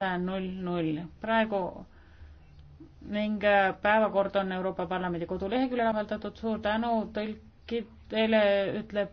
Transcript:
null null. praegu ning äh, päevakord on Euroopa Parlamendi koduleheküljel avaldatud. suur tänu tõlkidele, ütleb